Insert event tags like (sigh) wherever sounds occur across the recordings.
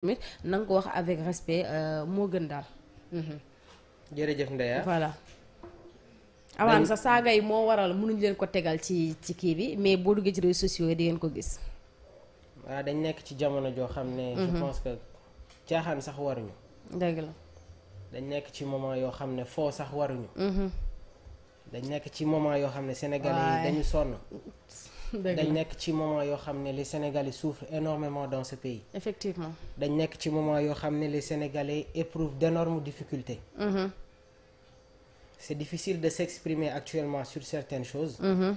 tamit na nga ko wax avec respect euh, moo gën daal. Mhm. jërëjëf Ndeya voilà. awaan sa saaga yi moo waral mënuñu leen ko tegal ci ci kii bi mais boo duggee ci réseaux sociaux yi di ngeen ko gis. waaw dañ nekk ci jamono joo xam ne. je mhm. pense caaxaan sax waruñu. dëgg dañ nekk ci moment yoo xam ne foo sax waruñu. Mhm. dañ nekk ci moment yoo xam ne sénégalais yi dañu sonn. dañ nekk ci moment yoo xam ne les Sénégalais souffrent énormément dans ce pays. effectivement dañ nekk ci moment yoo xam ne les Sénégalais éprouvent d'énormes difficultés. Mmh. c'est difficile de s'exprimer actuellement sur certaines choses. Mmh.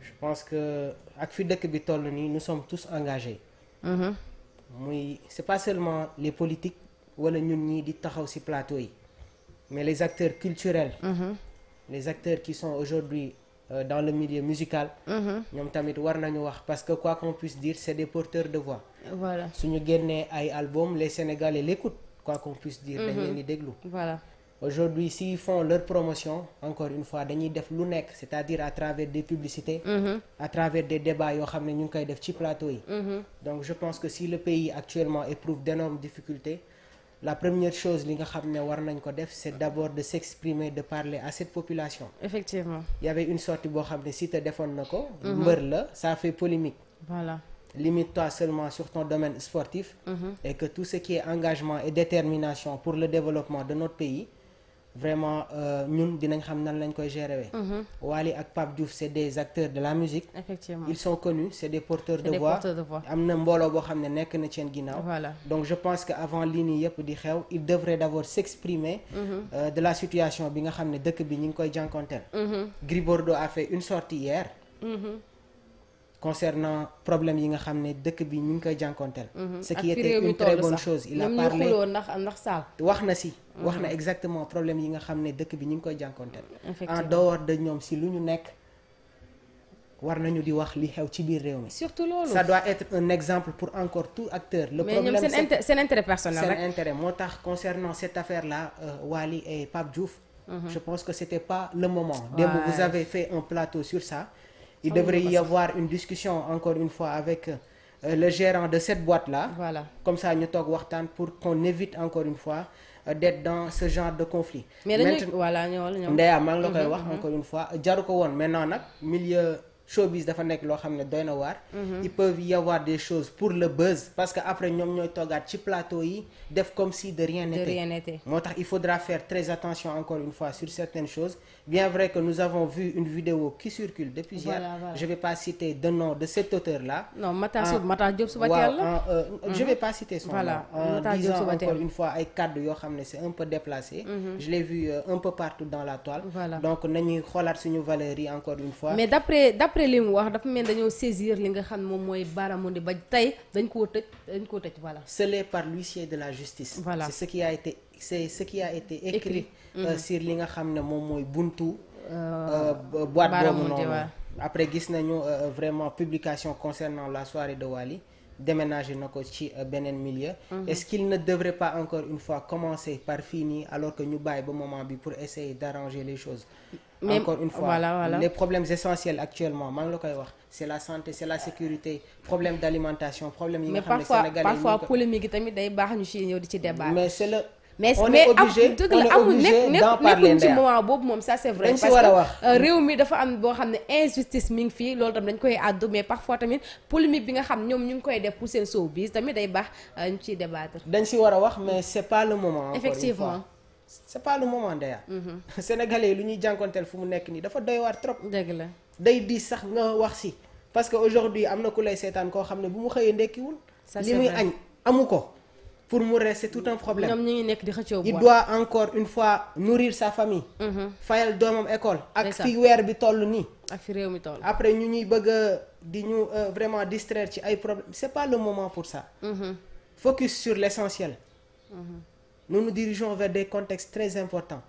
je pense que ak fi dëkk bi toll nii nous sommes tous engagés. Mm-hmm. muy c'est pas seulement les politiques wala ñun ñii di taxaw ci plateau yi mais les acteurs culturels. Mm-hmm. les acteurs qui sont aujourd'hui Euh, dans le milieu musical. Mhm. ñoom tamit war nañu wax parce que quoi qu'on puisse dire c'est des porteurs de voix. voilà suñu génnee ay album les Sénégalais l'écoutent quoi qu'on puisse dire. dañ mhm. leen di déglu. voilà aujourd'hui s'ils font leur promotion encore une fois dañuy def lu nekk c'est-à-dire à travers des publicités. Mhm. à travers des débats yoo xam ne ñu ngi koy def ci plateau yi. donc je pense que si le pays actuellement éprouve d'énormes difficultés. la première chose li nga xam ne war nañ ko def c'est d'abord de s'exprimer de parler à cette population effectivement il y une sortie boo xam ne Siteu defoon na ko mhm. mbër la ça fait polémique voilà limite-toi sur ton domaine sportif mhm. et que tout ce qui est engagement et détermination pour le développement de notre pays vraiment euh, ñun dinañ xam nan lañ koy gérer wee mhm. Wally ak Pape Diouf c'est des acteurs de la musique effectivement ils sont connus c'est des porteurs de voix am na mbooloo boo xam ne nekk na seen ginnaaw donc je pense que avant lii nii yëpp di xew il devrait d'abord s'exprimer mhm. euh, de la situation bi nga xam ne dëkk bi ñu ngi koy jànkonteel mhm. Gris Bordeaux une sortie hier concernant problème yi nga xam ne dëkk bi ñu ngi koy jànkonteel mhm. ce qui était une très bonne chose il a parlé ndax ndax saal wax na si mhm. wax na exactement problème yi nga xam ne dëkk bi ñu ngi koy jànkonteel en dehors de ñoom si lu ñu nekk war nañu di wax li xew ci biir réew mi. surtout loolu ça doit être un exemple pour encore tout acteur. le mais problème seen inter seen personnel rek moo tax concernant cette affaire là euh, Wali et Pape mhm. que c'était pas le moment. il oh, devrait y avoir une discussion encore une fois avec euh, le gérant de cette boîte là comme ça ñu toog waxtaan pour qu'on évite encore une fois euh, d'être dans ce genre de conflit mais dañuy voilà ñëwal koy mhm, wax mhm. encore une fois jaru ko woon maintenant nag milieu showbiz dafa nekk loo xam ne doy na waar. Mhm. ils avoir des choses pour le buzz parce que après ñoom ñooy toogaat ci plateau yi def comme si de rien n'était moo tax il faudra faire très attention encore une fois sur certaines choses bien vrai que nous avons vu une vidéo qui circule depuis je vais pas citer de nom de cet auteur là non Matar Diop Matar la euh, mhm. je vais pas citer son voilà. nom en une fois ay kaddu yoo xam ne c'est un peu déplacé mhm. après li mu wax dafa mel dañoo saisir li nga xam moom mooy Baaramundi ba tey dañ koo tëj dañ koo tëj voilà. scellé par l'huissier de la justice. voilà c'est ce qui a été c'est euh, mhm. li nga xam ne moom mooy buntu. Euh, euh, boîte boobu noonu après gis nañu vraiment publication concernant la soirée de Wali. déménagé na ko ci euh, beneen milieu. Mhm. est-ce qu'il ne devrait pas encore une fois commencer par fii nii alors que ñu bàyyi ba moment bi pour essayer d'arranger les choses. Mais, encore une fois voilà, voilà. les problèmes essentiels actuellement maa ngi la koy wax c'est la santé c'est la sécurité problème d'alimentation problème yi nga xam ne Sénégalais mais parfois parfois tamit day baax ñu ci ñëw di ci débat mais on est obligé dëgg amul nekk nekkuñ ci moment boobu moom ça c' est vrai parce que euh, réew mi dafa am boo xam ne injustice mi ngi fii loolu tam dañ koy àddu mais parfois tamit polémique bi nga xam ñoom ñu ngi koy def pour seen showbiz tamit day baax euh, ñu ciy débattre dañ si war a wax mais c' est pas le moment effectivement c' est pas le moment mhm. (laughs) lu ñuy jànkonteel fu mu nekk nii dafa doy waar trop dëgg la day di sax nga wax si parce que aujourd'hui am na ku lay seetaan koo xam ne bu mu xëyee ndekkiwul li muy añ amu ko pour mu reste c'est tout un problème. ñoom ñu ngi nekk di xëccoo il doit encore une fois nourrir sa famille. Mhm. fayal doomam école. ak fi weer bi toll nii. ak fi réew mi toll après ñu ñuy bëgg a di ñu euh, vraiment distraire ci ay problème c'est pas le moment pour ça. Mhm. focus sur l'essentiel. Mhm. nous nous vers des contextes très importants.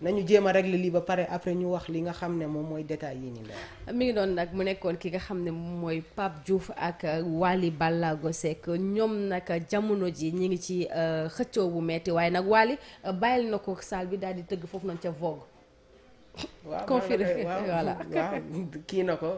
nañu jéema a régler lii ba pare après ñu wax li nga xam ne moom mooy détails yi ni la mi ngi doon nag mu nekkoon ki nga xam ne mooy Pape Diouf ak euh, Wally Ballago Seck ñoom nag jamono ji ñu ngi ci euh, xëccoo bu metti waaye nag Wally euh, bàyyil na ko saal bi daal di tëgg foofu noonu ca Vogue (laughs) confirmé (laughs) voilà waaw kii na ko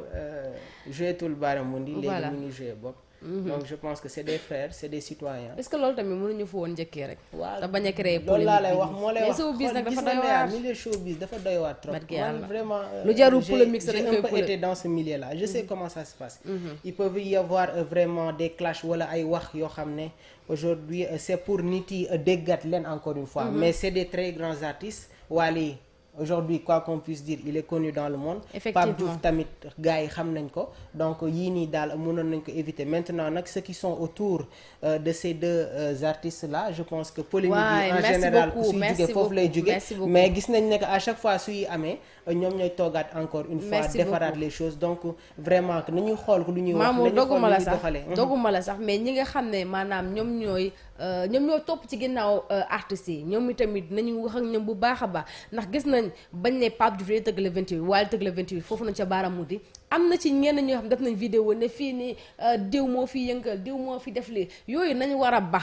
joué tul baaramundi léegi mu ngi joué bopp Mm-hmm. donc je pense que c' est des frères c' des citoyens. est ce que loolu tamit mënuñu woon njëkkee rek. waaw te bañ a créer loolu laa lay wax moo lay wax showbiz nag dafa doy waar milieu showbiz dafa doy waar trop. man vraiment euh, lu jarul polémique sax dañ koy polémique ce milieu je sais mm-hmm. comment ça se passe. Mm-hmm. il peut y euh, vraiment des clashs wala ay wax yoo xam ne aujourd'hui euh, c'est pour nit yi déggat leen encore une fois. mais c' est des très grands artistes Wally aujourd'hui quoi qu'on puisse dire il est connu dans le monde Pape Diouf tamit gars yi xam nañ ko donc yii nii daal mënoon nañ ko éviter maintenant nag ceux qui sont autour euh, de ces deux euh, artistes là je pense que polémique yi en général suy jugee foofu lay jugee mais gis nañ ne que à chaque fois suy amee ñoom ñooy toogaat encore une fois defaraat les choses donc vraiment que nañuy xool lu ñuy wax maamu doguma la sax doguma la sax mais ñi nga xam ne maanaam ñoom ñooy Euh, ñoom ñoo topp ci ginnaaw euh, artistes yi ñoom itamit nañu wax ak ñoom bu baax a baax ndax gis nañ bañ ne Pape Diouf day tëgg le 28 waaye tëgg le 28 foofu nañ ca baaraam di am na ci ñenn ñoo xam def nañ vidéo ne fii nii euh, diw moo fi yëngal diw moo fi def lii yooyu nañu war a ba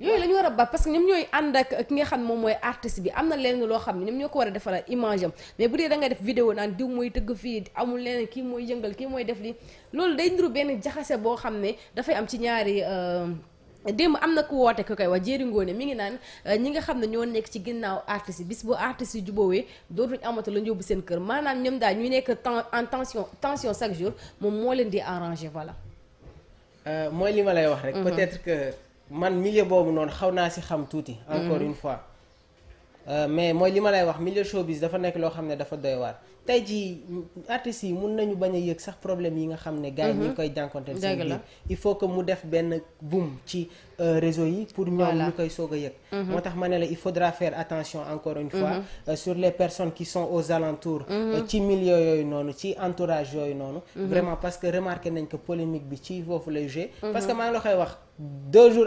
yooyu la ñu war a ba parce que ñoom ñooy ànd ak ki nga xam moom mooy artiste bi am na leen loo xam ne ñoom ñoo ko war a defal image am mais bu dee da nga def vidéo naan diw mooy tëgg fii amul leneen kii mooy yëngal kii mooy def li loolu day nduru benn jaxase boo xam ne dafay am ci ñaari démb am na ku woote ku koy wax jéeri ngoone mi ngi naan euh, ñi nga xam ne ñoo nekk ci ginnaaw artistes yi bis bu artistes yi jubóowee dootuñ amatu la ñu yóbbu seen kër maanaam ñoom daal ñuy nekk ten en tension tension chaque jour moom moo leen di arranger voilà. Euh, mooy li ma lay wax rek. Mhm. peut-être que man milieu boobu noonu xaw naa si xam tuuti. encore mhm. une fois. Euh, mais mooy li ma lay wax milieu showbiz dafa nekk loo xam ne dafa doy waar tey jii artistes yi mun nañu bañ a yëg sax problème yi nga xam ne gars mu mhm. ngi koy jànkonteel seen biir il faut que mu def benn buum ci euh, réseau yi pour ñoom ñu koy soog a yëg mhm. moo tax ma ne la il faudra faire attention encore une fois mhm. euh, sur les personnes qui son aux alentours ci milieu yooyu noonu ci entourage yooyu noonu vraiment parce que remarqué nañ ko polémique bi ci foofu lay joué que maa ngi la koy wax deux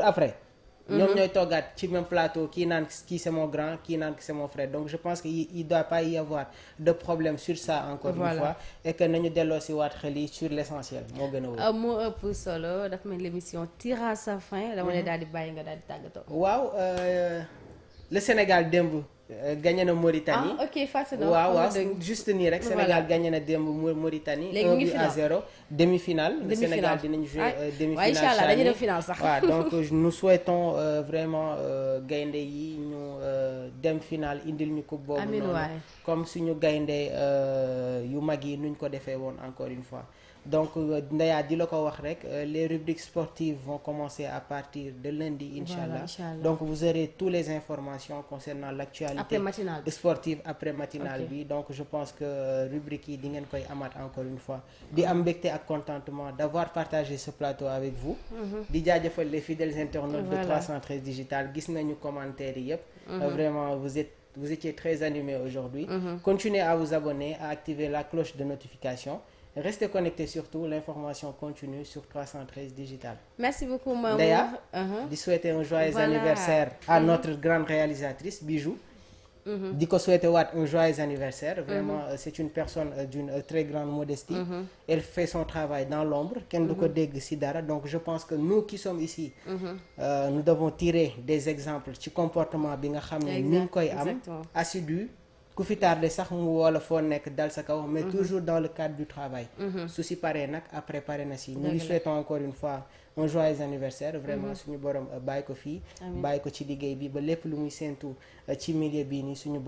ñoom mhm. ñooy toggaat ci même plateau kii naan kii c'est mon grand kii naan c'est mon frère donc je pense que il doit pas y avoir de problème sur ça encore voilà. une fois et que nañu delloo si waat xel yi sur l'essentiel moo gën a wóor euh, moo ëpp solo dafa mel l'émission tire à sa fin dama lay mhm. daal di bàyyi nga daal di tàggatoo waaw euh, le Sénégal démb Euh, gagné na Mauritanie ah ok fàttali na waaw waaw juste nii rek Sénégal gagné na démb Mauritanie. léegi mu ngi final 1 à 0 demi finale. Sénégal dinañu jouer ah, euh, demi finale. waaw incha dañu def finale sax. waaw (laughs) donc nous souhaitons euh, vraiment gaynde yi ñu dem finale indil ñu coupe boobu. amiin waay comme suñu gaynde yu mag yi nuñ ko defee woon encore une fois. donc euh, Ndeya di la ko wax rek euh, les rubriques sportives vont commencer à partir de lundi incha allah voilà, donc vous aurez toutes les informations concernant l'actualité après matinale sportive après matinale okay. bi donc je pense que euh, rubrique yi di ngeen koy amat encore une fois di am mbégte ak contentement d'avoir partagé ce plateau avec vous mhm. di jaajëfal les fidèles internautes de 313 digital gis nañu commentaires yi yëpp mhm. vraiment vous êtes vous étiez très animés aujourd'hui mm -hmm. continuez à la cloche de notification restez connectés surtout l'information continue sur 313 digital. merci beaucoup Mamour Ndeya. Uh-huh. di souhaiter un joyeux voilà. anniversaire à uh-huh. notre grande réalisatrice Bijou. Uh-huh. di ko souhaiter un joyeux anniversaire. vraiment euh, c'est une personne euh, d'une euh, très grande modestie. elle fait son travail dans l'ombre kenn du ko dégg ci donc je pense que nous qui sommes ici. nous devons tirer des exemples ci comportement bi nga xam ne. ñu koy am assidu. ku fi tardé sax mu woola foo nekk dal sa kaw mais mhm. toujours dans le cadre du travail mhm. su si paree nag après pare na si ñu ngi souhaitons encore une fois un anniversaire vraiment mhm. suñu borom euh, bàyyi ko fii bàyyi ko ci liggéey bi ba lépp lu muy séentu euh, ci milieu bii nii suñu